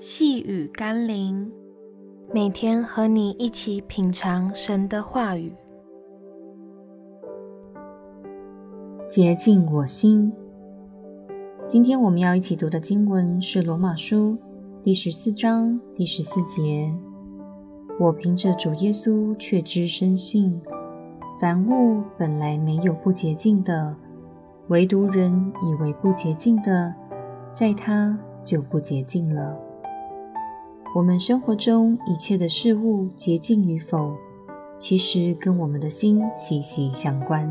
細語甘霖，每天和你一起品嘗神的話語，潔淨我心。今天我們要一起讀的經文是《羅馬書》第十四章第十四節：“我憑着主耶穌確知深信，凡物本來沒有不潔淨的，唯獨人以為不潔淨的，在他就不潔淨了。”我們生活中一切的事物潔淨與否，其實跟我們的心息息相關。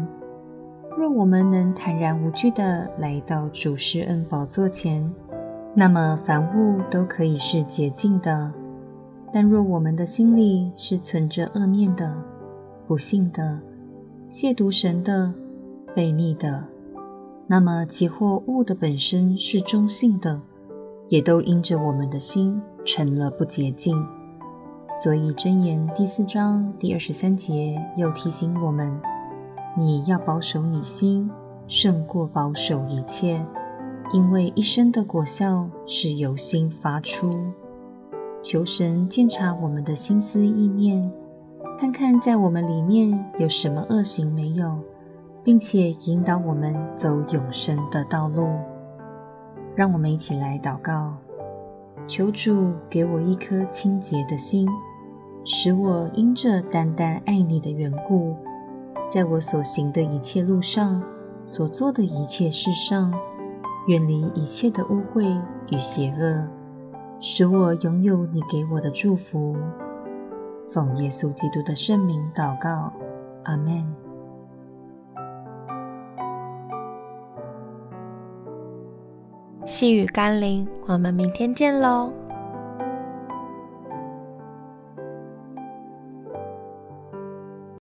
若我們能坦然無懼地來到主施恩寶座前，那麼凡物都可以是潔淨的。但若我們的心裡是存着惡念的、不信的、褻瀆神的、悖逆的，那麼即或物的本身是中性的，也都因着我們的心，成了不潔淨，所以箴言第四章第二十三節又提醒我們：你要保守你心，勝過保守一切，因為一生的果效是由心發出。求神鑒察我們的心思意念，看看在我們裡面有什麼惡行沒有，並且引導我們走永生的道路。讓我們一起來禱告。求主給我一顆清潔的心，使我因着單單愛你的緣故，在我所行的一切路上、所做的一切事上，遠離一切的污穢與邪惡，使我擁有你給我的祝福。奉耶穌基督的聖名禱告，阿門。細語甘霖，我們明天見嘍。